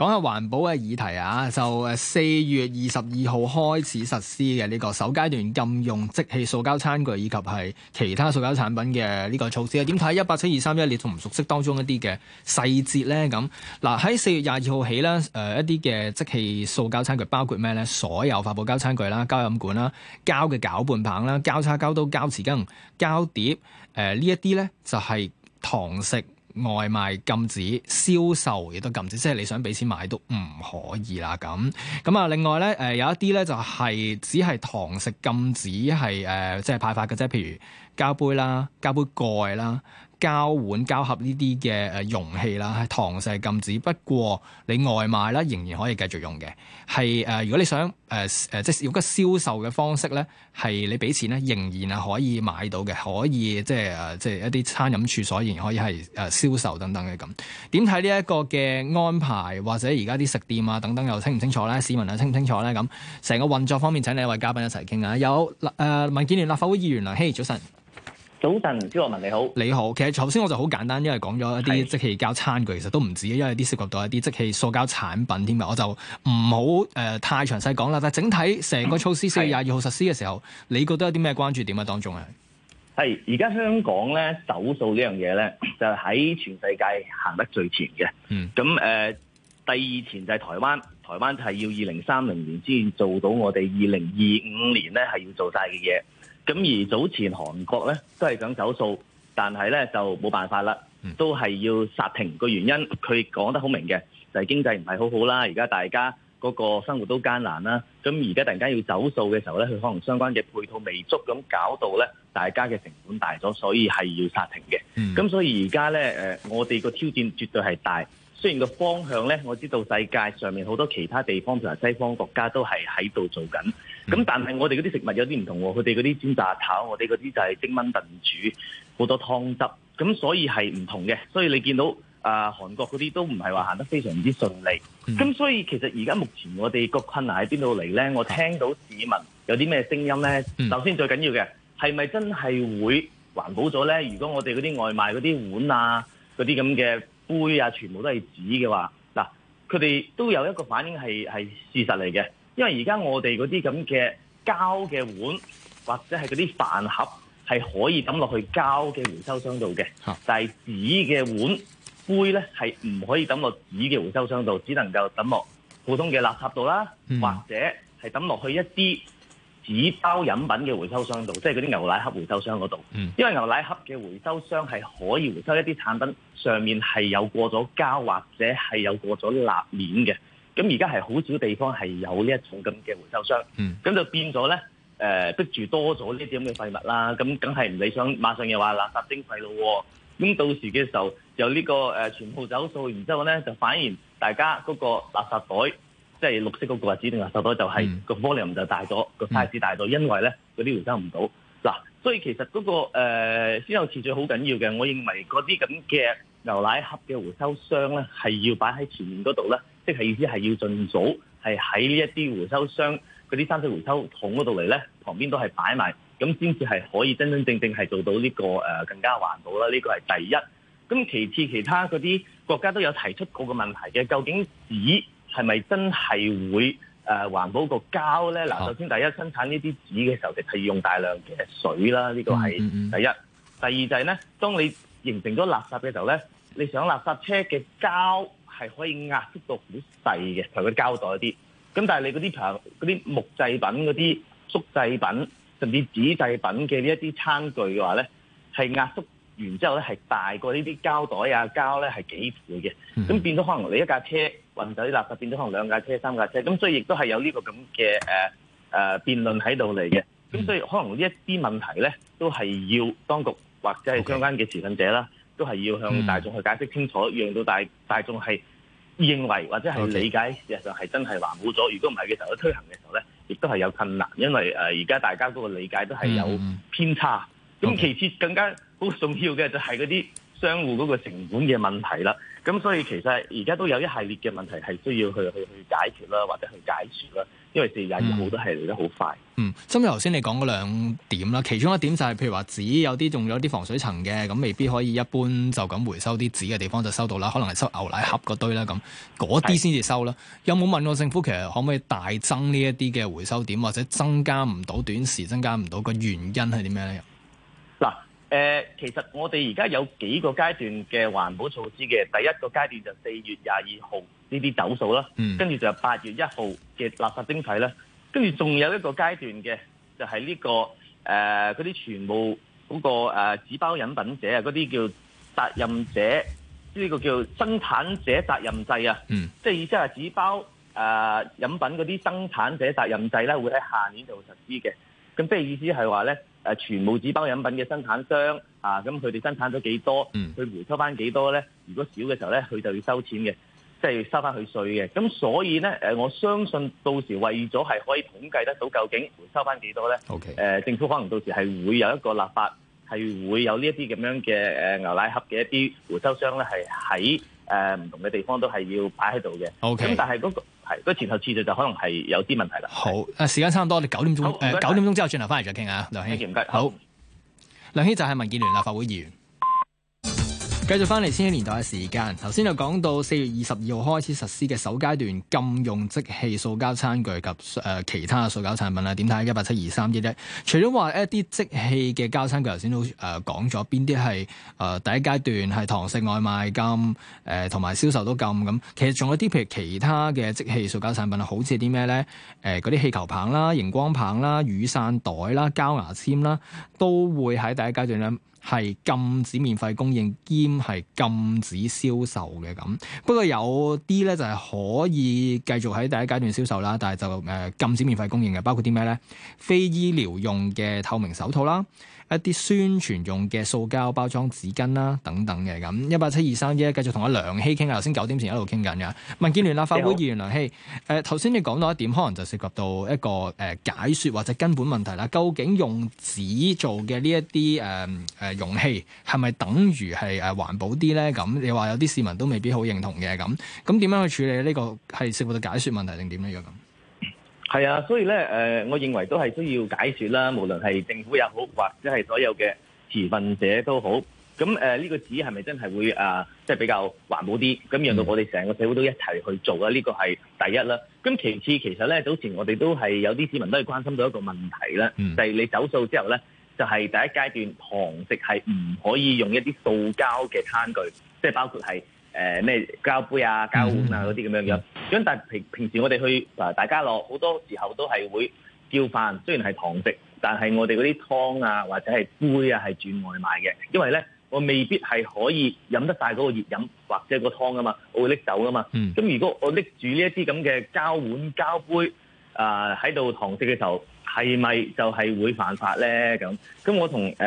講下環保嘅議題啊，就誒四月二十二號開始實施嘅呢、這個首階段禁用即棄塑膠餐具以及係其他塑膠產品嘅呢個措施啊。點睇一八七二三一？你仲唔熟悉當中一啲嘅細節咧？咁嗱，喺四月廿二號起咧，誒、呃、一啲嘅即棄塑膠餐具包括咩咧？所有發泡膠餐具啦、膠飲管啦、膠嘅攪拌棒啦、膠叉膠刀、膠匙羹、膠碟，誒、呃、呢一啲咧就係、是、堂食。外賣禁止銷售亦都禁止，即係你想俾錢買都唔可以啦。咁咁啊，另外咧、呃，有一啲咧就係、是、只係堂食禁止係即係派發嘅啫，譬如膠杯啦、膠杯蓋啦。膠碗膠盒呢啲嘅誒容器啦，堂食禁止。不過你外賣啦，仍然可以繼續用嘅。係誒、呃，如果你想誒誒、呃，即係用一個銷售嘅方式咧，係你俾錢咧，仍然係可以買到嘅，可以即係即係一啲餐飲處所，仍然可以係誒銷售等等嘅咁。點睇呢一個嘅安排，或者而家啲食店啊等等，又清唔清楚咧？市民又清唔清楚咧？咁成個運作方面，請你一位嘉賓一齊傾下。有誒、呃、民建聯立法會議員梁熙，早晨。早晨，朱耀文你好。你好，其實頭先我就好簡單，因為講咗一啲即棄膠餐具，是其實都唔止，因為啲涉及到一啲即棄塑膠產品添嘛，我就唔好誒太詳細講啦。但係整體成個措施四月廿二號實施嘅時候，是你覺得有啲咩關注點啊？當中啊，係而家香港咧，走塑呢樣嘢咧，就喺、是、全世界行得最前嘅。嗯。咁誒、呃，第二前就係台灣，台灣係要二零三零年之前做到，我哋二零二五年咧，係要做晒嘅嘢。咁而早前韓國咧都係想走數，但係咧就冇辦法啦，都係要殺停。個原因佢講得好明嘅，就係、是、經濟唔係好好啦，而家大家嗰個生活都艱難啦。咁而家突然間要走數嘅時候咧，佢可能相關嘅配套未足，咁搞到咧大家嘅成本大咗，所以係要殺停嘅。咁、嗯、所以而家咧我哋個挑戰絕對係大。雖然個方向咧，我知道世界上面好多其他地方譬如西方國家都係喺度做緊。咁但係我哋嗰啲食物有啲唔同喎，佢哋嗰啲煎炸炒，我哋嗰啲就係蒸炆燉煮，好多湯汁，咁所以係唔同嘅。所以你見到啊、呃、韓國嗰啲都唔係話行得非常之順利，咁、嗯、所以其實而家目前我哋個困難喺邊度嚟呢？我聽到市民有啲咩聲音呢？嗯、首先最緊要嘅係咪真係會環保咗呢？如果我哋嗰啲外賣嗰啲碗啊、嗰啲咁嘅杯啊，全部都係紙嘅話，嗱，佢哋都有一個反應係係事實嚟嘅。因為而家我哋嗰啲咁嘅膠嘅碗或者係嗰啲飯盒係可以抌落去膠嘅回收箱度嘅，啊、但係紙嘅碗杯咧係唔可以抌落紙嘅回收箱度，只能夠抌落普通嘅垃圾度啦，嗯、或者係抌落去一啲紙包飲品嘅回收箱度，即係嗰啲牛奶盒回收箱嗰度。嗯、因為牛奶盒嘅回收箱係可以回收一啲產品上面係有過咗膠或者係有過咗蠟面嘅。咁而家係好少地方係有呢一種咁嘅回收箱，咁、嗯、就變咗咧誒逼住多咗呢啲咁嘅廢物啦，咁梗係唔理想。馬上又話垃圾徵費咯，咁到時嘅時候由呢、這個誒、呃、全部走數，然之後咧就反而大家嗰個垃圾袋，即、就、係、是、綠色嗰個指定垃圾袋、就是，就係、嗯、個 volume 就大咗，個 size 大咗，因為咧嗰啲回收唔到嗱，所以其實嗰、那個、呃、先後次序好緊要嘅，我認為嗰啲咁嘅牛奶盒嘅回收箱咧，係要擺喺前面嗰度咧。即係意思係要盡早係喺呢一啲回收箱、嗰啲三色回收桶嗰度嚟咧，旁邊都係擺埋，咁先至係可以真真正正係做到呢、呢個誒、呃、更加環保啦。呢個係第一。咁其次，其他嗰啲國家都有提出過個問題嘅，究竟紙係咪真係會誒、呃、環保個膠咧？嗱、啊，首先第一生產呢啲紙嘅時候，就係、是、要用大量嘅水啦，呢個係第一。嗯嗯第二就係咧，當你形成咗垃圾嘅時候咧，你想垃圾車嘅膠。係可以壓縮到好細嘅，同佢膠袋啲。咁但係你嗰啲啲木製品、嗰啲塑製品，甚至紙製品嘅呢一啲餐具嘅話咧，係壓縮完之後咧係大過呢啲膠袋啊膠咧係幾倍嘅。咁、mm hmm. 變咗可能你一架車運走啲垃圾，變咗可能兩架車、三架車。咁所以亦都係有呢個咁嘅誒誒辯論喺度嚟嘅。咁、mm hmm. 所以可能呢一啲問題咧，都係要當局或者係相關嘅持份者啦，Okay. 都係要向大眾去解釋清楚，讓到大大眾係，認為或者係理解，事實上係真係環保咗。如果唔係嘅時候，推行嘅時候咧，亦都係有困難，因為誒而家大家嗰個理解都係有偏差。咁、嗯、其次更加好重要嘅就係嗰啲商戶嗰個成本嘅問題啦。咁所以其實而家都有一系列嘅問題係需要去去去解決啦，或者去解決啦。因為四月廿二號都係嚟得好快嗯。嗯，咁頭先你講嗰兩點啦，其中一點就係譬如話紙有啲仲有啲防水層嘅，咁未必可以一般就咁回收啲紙嘅地方就收到啦，可能係收牛奶盒嗰堆啦咁，嗰啲先至收啦。是的 有冇問過政府其實可唔可以大增呢一啲嘅回收點，或者增加唔到短時增加唔到個原因係啲咩咧？嗱，誒，其實我哋而家有幾個階段嘅環保措施嘅，第一個階段就四月廿二號。呢啲走數啦，跟住就係八月一號嘅垃圾徵費啦，跟住仲有一個階段嘅，就係、是、呢、這個誒嗰啲全部嗰、那個誒、呃、紙包飲品者啊，嗰啲叫責任者，呢、這個叫生產者責任制啊，即係、嗯、意思係紙包誒、呃、飲品嗰啲生產者責任制咧，會喺下年就實施嘅。咁即係意思係話咧誒，全部紙包飲品嘅生產商啊，咁佢哋生產咗幾多，佢回收翻幾多咧？如果少嘅時候咧，佢就要收錢嘅。即係要收翻去稅嘅，咁所以咧我相信到時為咗係可以統計得到究竟回收翻幾多咧 Okay.、呃？政府可能到時係會有一個立法，係會有呢一啲咁樣嘅牛奶盒嘅一啲回收箱，咧、呃，係喺唔同嘅地方都係要擺喺度嘅。咁 Okay. 但係嗰、嗰個前後次序就可能係有啲問題啦。好，時間差唔多，你九點鐘誒九點鐘之後轉頭翻嚟再傾啊，梁熙唔該。好，好，梁熙就係民建聯立法會議員。繼續翻嚟千禧年代嘅時間，頭先就講到四月二十二號開始實施嘅首階段禁用即棄塑膠餐具及其他塑膠產品啦。點睇？一八七二三點一，除咗話一啲即棄嘅膠餐具，頭先都誒講咗邊啲係第一階段係堂食外賣禁，同埋銷售都禁，咁。其實仲有啲譬如其他嘅即棄塑膠產品好似啲咩咧？嗰啲氣球棒啦、螢光棒啦、雨傘袋啦、膠牙籤啦，都會喺第一階段咧。係禁止免費供應兼係禁止銷售嘅。咁，不過有啲咧就係可以繼續喺第一階段銷售啦，但係就禁止免費供應嘅，包括啲咩咧？非醫療用嘅透明手套啦。一啲宣傳用嘅塑膠包裝紙巾啦、等等嘅。咁，一八七二三一繼續同阿梁熙傾啊，頭先九點前一路傾緊嘅。民建聯立法會議員梁熙，誒頭先你講好到一點，可能就涉及到一個解說或者根本問題啦。究竟用紙做嘅呢一啲容器係咪等於係誒環保啲咧？咁你話有啲市民都未必好認同嘅咁。咁點樣去處理呢？呢個係涉及到解說問題定點呢樣咁？係啊，所以咧，誒、呃，我認為都係需要解說啦，無論係政府也好，或者係所有嘅持份者都好。咁誒，呢、呃這個紙係咪真係會誒，即、呃、係、就是、比較環保啲？咁讓到我哋成個社會都一齊去做啊！呢個係第一啦。咁其次，其實咧，早前我哋都係有啲市民都係關心到一個問題啦、嗯，就係你走數之後咧，就係第一階段堂食係唔可以用一啲塑膠嘅餐具，即、就、係、是、包括係。誒咩膠杯啊、膠碗啊嗰啲咁樣樣，咁、mm hmm. 但平平時我哋去大家樂好多時候都係會叫飯，雖然係堂食，但係我哋嗰啲湯啊或者係杯啊係轉外賣嘅，因為咧我未必係可以飲得晒嗰個熱飲或者個湯啊嘛，我會拎走啊嘛。咁、mm hmm. 如果我拎住呢一啲咁嘅膠碗、膠杯喺度、呃、堂食嘅時候，係咪就係會犯法咧？咁咁我同誒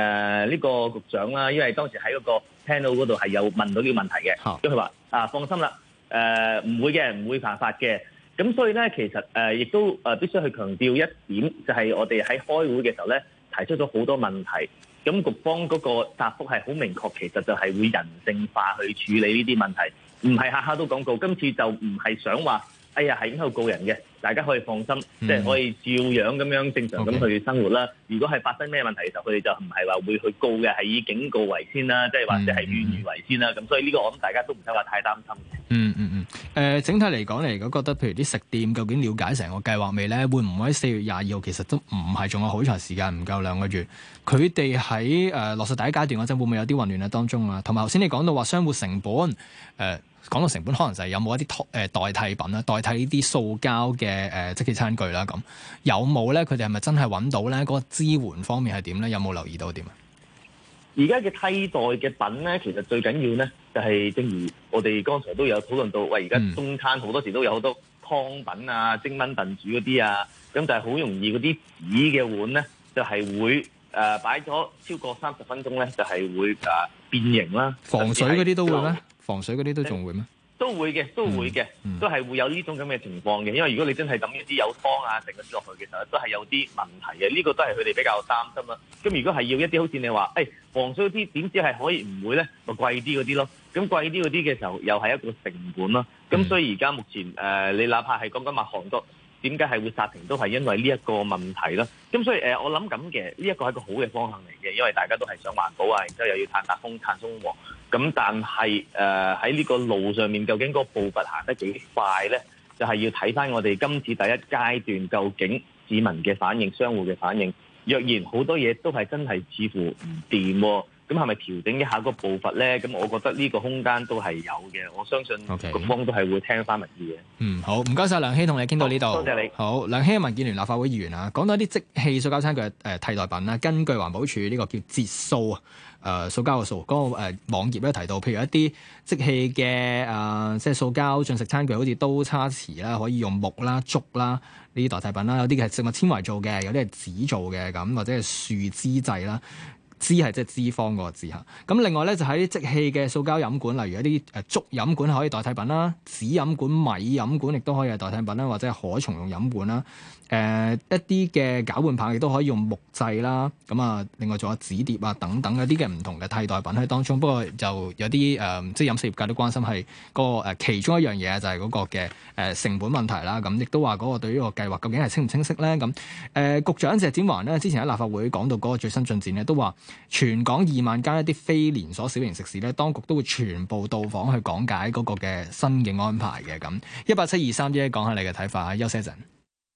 呢個局長啦，因為當時喺嗰個 panel 嗰度係有問到呢個問題嘅，咁佢話啊，啊放心啦，誒、呃、唔會嘅，唔會犯法嘅。咁所以咧，其實誒亦、呃、都誒必須去強調一點，就係、是、我哋喺開會嘅時候咧，提出咗好多問題。咁局方嗰個答覆係好明確，其實就係會人性化去處理呢啲問題，唔係下下都講告。今次就唔係想話。哎呀，係喺度告人嘅，大家可以放心，即係、嗯、可以照樣咁樣正常咁去生活啦。Okay. 如果係發生咩問題其實佢哋就唔係話會去告嘅，係以警告為先啦，即係或者係勸喻為先啦。咁、嗯嗯、所以呢個我諗大家都唔使話太擔心嘅、嗯。嗯嗯嗯。誒、呃，整體嚟講你如果覺得譬如啲食店究竟了解成個計劃未咧？會唔會喺四月廿二號其實都唔係仲有好長時間，唔夠兩個月。佢哋喺誒落實第一階段嗰陣，會唔會有啲混亂喺當中啊？同埋頭先你講到話，商戶成本誒。呃講到成本，可能就係有冇一啲誒代替品啦，代替呢啲塑膠嘅誒、呃、即係餐具啦咁。有冇咧？佢哋係咪真係揾到咧？嗰、那個支援方面係點咧？有冇留意到點啊？而家嘅替代嘅品咧，其實最緊要咧就係、是，正如我哋剛才都有討論到，喂，而家中餐好多時都有好多湯品啊、蒸燜燉煮嗰啲啊，咁就係好容易嗰啲紙嘅碗咧，就係、是、會誒擺咗超過三十分鐘咧，就係、是、會誒變形啦，防水嗰啲都會咩？防水嗰啲都仲會咩、嗯？都會嘅，都會嘅，嗯嗯、都係會有呢種咁嘅情況嘅。因為如果你真係咁一啲有湯啊，整咗啲落去嘅時候，都係有啲問題嘅。呢、呢個都係佢哋比較擔心啦。咁如果係要一啲好似你話，誒、哎、防水啲點知係可以唔會咧？咪貴啲嗰啲咯。咁貴啲嗰啲嘅時候，又係一個成本啦。咁所以而家目前誒、呃，你哪怕係講緊韓國。點解係會煞停都係因為呢一個問題咯，咁所以誒，我諗咁嘅，呢一個係個好嘅方向嚟嘅，因為大家都係想環保啊，然之後又要碳達峰、碳中和，咁但係誒喺呢個路上面，究竟個步伐行得幾快呢？就係、是、要睇翻我哋今次第一階段究竟市民嘅反應、商戶嘅反應。若然好多嘢都係真係似乎唔掂喎。咁係咪調整一下個步伐咧？咁我覺得呢個空間都係有嘅，我相信各方都係會聽翻民意嘅。Okay. 嗯，好，唔該晒，梁熙同你傾到呢度。多謝你。好，梁熙，民建聯立法會議員啊，講到一啲即棄塑膠餐具誒、呃、替代品啦。根據環保署呢個叫節數啊、呃，塑膠嘅數。嗰、那個網、呃、網頁咧提到，譬如一啲、呃、即棄嘅即係塑膠進食餐具，好似刀叉匙啦，可以用木啦、竹啦呢啲代替品啦。有啲係植物纖維做嘅，有啲係紙做嘅，咁或者係樹枝製啦。脂係即係脂肪嗰個字嚇，咁另外咧就喺即棄嘅塑膠飲管，例如一啲誒竹飲管可以代替品啦，紙飲管、米飲管亦都可以係代替品啦，或者可重用飲管啦、呃，一啲嘅攪拌棒亦都可以用木製啦，咁啊，另外仲有紙碟啊等等嗰啲嘅唔同嘅替代品喺當中。不過就有啲、呃、即係飲食業界都關心係、嗰個、呃、其中一樣嘢就係嗰個嘅成本問題啦。咁亦都話嗰個對於個計劃究竟係清唔清晰咧？咁、呃、局長謝展寰咧之前喺立法會講到嗰個最新進展咧，都話。全港二萬間一啲非連鎖小型食肆咧，當局都會全部到訪去講解嗰個嘅新嘅安排嘅。咁。1, 一八七二三，一講下你嘅睇法啊，休息一陣。